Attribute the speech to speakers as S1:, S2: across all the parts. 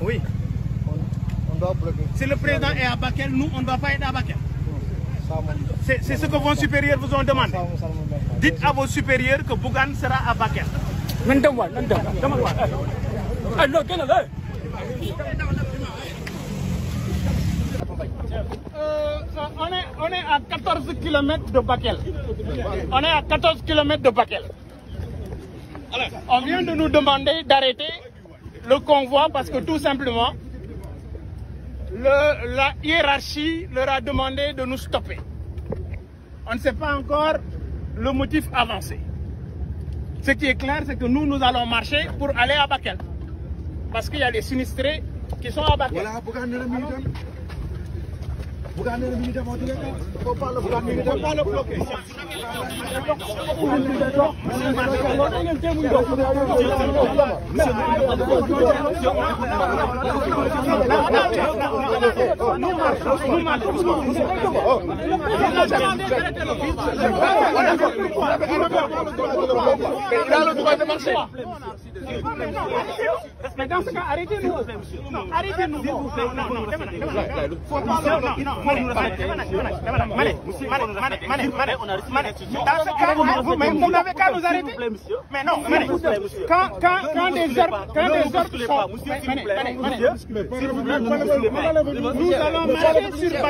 S1: Oui. On, doit bloquer. Si le président est à Bakel, nous, on ne va pas être à Bakel. C'est ce que vos supérieurs vous ont demandé. Dites à vos supérieurs que Bougan sera à Bakel. on, est, on est à 14 km de Bakel. On est à 14 km de Bakel. on vient de nous demander d'arrêter le convoi parce que tout simplement, la hiérarchie leur a demandé de nous stopper. On ne sait pas encore le motif avancé. Ce qui est clair, c'est que nous, nous allons marcher pour aller à Bakel. Parce qu'il y a les sinistrés qui sont à Bakel. Voilà, Bougane nee na mi ngi dem wax dëgg yàlla. Fapal la Bougane mi ngi dem Fapal la bloqué. Mais dans ce cas, arrêtez-nous. Arrêtez-nous. vous n'avez qu'à nous arrêter. Mais non, quand, quand, quand quand des Monsieur, Nous allons marcher sur le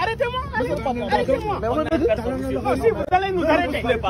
S1: Arrêtez-moi, arrêtez-moi. Si vous allez nous arrêter.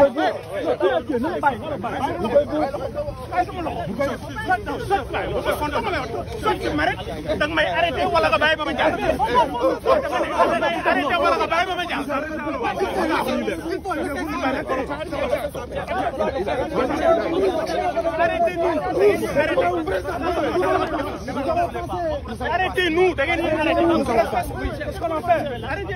S1: da nga may arrêté wala nga bàyyi ba ma jàll. da nga may arrêté wala nga bàyyi ba ma jàll. arrêtez-nous arrêtez-nous da ngeen ñuy arrêté.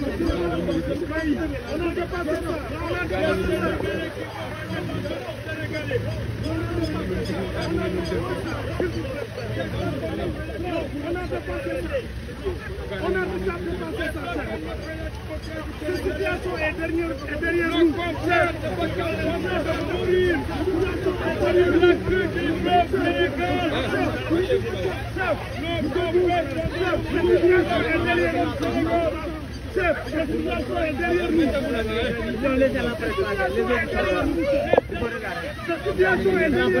S1: On a déjà dépassé ça. Cette situation est derrière, est derrière nous. Cette situation est derrière nous. Se, se subya soye deriye nou. Se li de la preklaga. Se subya soye deriye nou.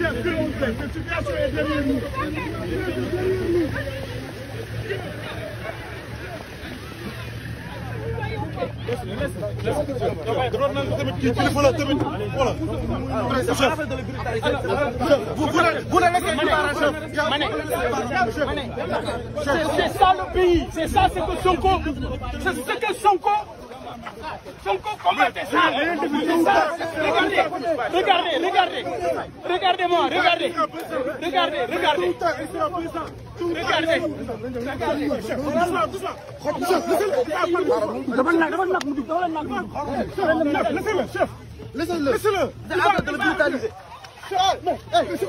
S1: Se subya soye deriye nou. C'est ça le pays, c'est ça ce que son corps, c'est ce que corps. Son combatants. Regardez, regardez, regardez-moi, regardez, regardez, regardez. Regardez, regardez. chef. Laissez-le. Laissez-le. Arrête de le brutaliser. c'est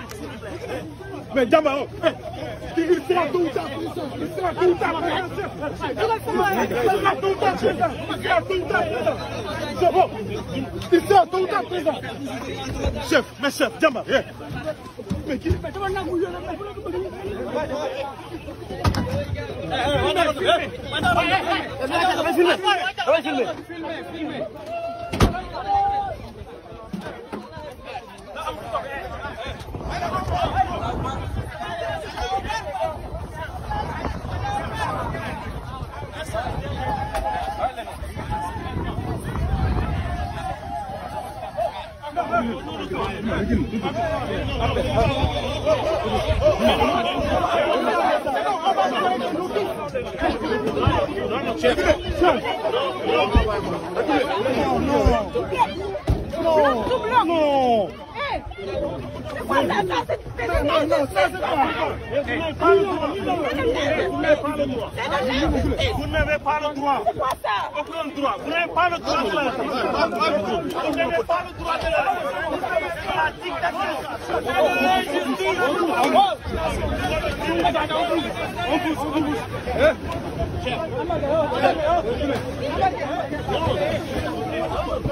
S1: Mais d'abord, il sera tout tá il tá tout tá il tá tout à il tá tout tá C'est bon, il tá tout à tudo Chef, mais chef, d'abord, mais qui Madame, madame, madame, madame, madame, madame, madame, madame, No! No! No! Vous n'avez pas le droit. le droit. Vous n'avez pas le droit de Vous n'avez pas le droit de la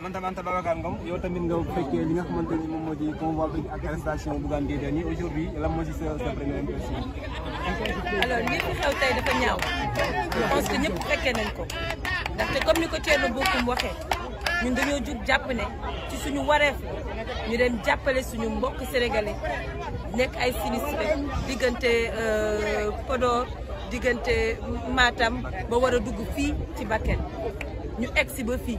S1: man tam Anta Babacar Ngom yow tamit nga fekkee li nga xamante ni moom moo di convoi bi ak arrestation Bougane Gueye Dany aujourd'hui lan moo ci sa sa première impression.
S2: alors li fi xew tey dafa ñaaw je pense que ñëpp fekkee nañ ko ndaxte comme ni ko Thierno Bocoum waxee ñun dañoo jug jàpp ne ci suñu wareef ñu dem jàppale suñu mbokk sénégalais nekk ay sinistré diggante euh, Podor diggante Matam ba war a dugg fii ci Bakel ñu egg si ba fii.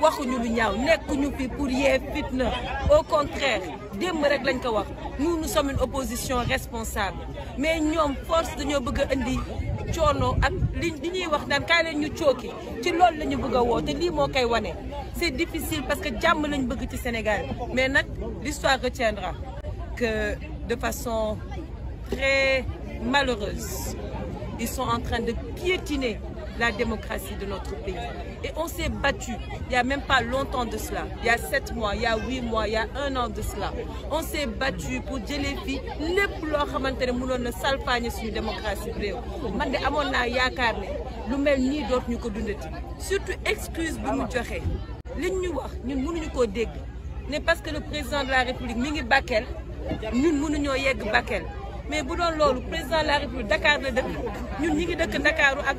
S2: waxuñu lu ñaaw nekkuñu fi pour yee fitna au contraire démb rek lañ ko wax nous nous sommes une opposition responsable mais nous force dañoo bëgg de indi coono ak li li ñuy wax nous kaay leen ñu cooki ci loolu la bëgg a te lii c'est difficile parce que jàmm lañ bëgg ci Sénégal mais l'histoire retiendra que de façon très malheureuse ils sont en train de piétiner la démocratie de notre pays. Et on s'est battu, il n'y a même pas longtemps de cela, il y a sept mois, il y a huit mois, il y a un an de cela. On s'est battu pour dire les filles, loo ne démocratie de ne lu mel ni surtout excuse nous mu nous liñ ñu wax ñun nous parce que le président de la république mi Bakel ñun Bakel mais bu doon loolu président de la république Dakar la dëkk ñun ñi ngi dëkk ak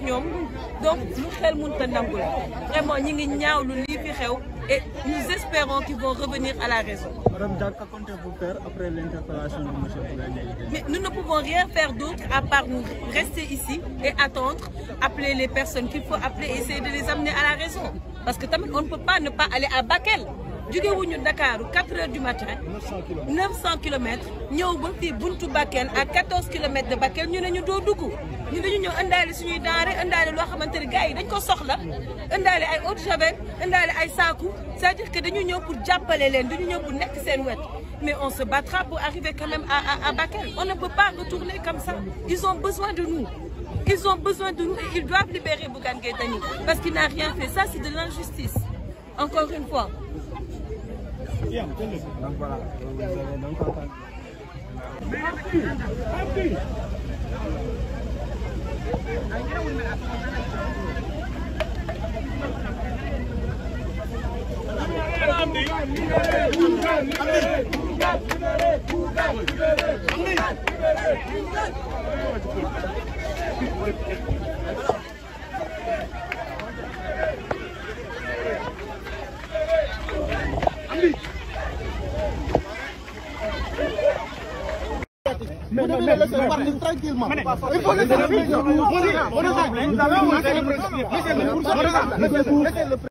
S2: donc nous xel mënut pas nangu la vraiment ñi ngi ñaawlu lii fi xew et nous espérons qu'ils vont revenir à la raison. Madame comptez-vous
S1: après l'interpellation de M.
S2: Mais nous ne pouvons rien faire d'autre à part nous rester ici et attendre, appeler les personnes qu'il faut appeler, essayer de les amener à la raison. Parce que on ne peut pas ne pas aller à Bakel sommes wuñu Dakar 4 heures du matin 900 kilomètres ñëw ba fii buntu Bakel à 14 kilomètres de Bakel ñu ne ñu doo dugg ñu dañu ñëw indaale suñuy denrée indaale loo xamante ni gars yi dañ ko soxla indaale ay eau de javel indaale ay saaku c'est-à-dire que dañu ñëw pour jàppale leen sommes ñëw pour nekk seen mais on se battra pour arriver quand même à à, à Bakel on ne peut pas retourner comme ça ils ont besoin de nous ils ont besoin de nous et ils doivent libérer Bougane Gueye parce qu'il n'a rien fait ça c'est de l'injustice encore une fois
S1: Donc voilà, vous avez donc entendu.
S2: Happy, happy.
S1: Amri, Por eso, por eso,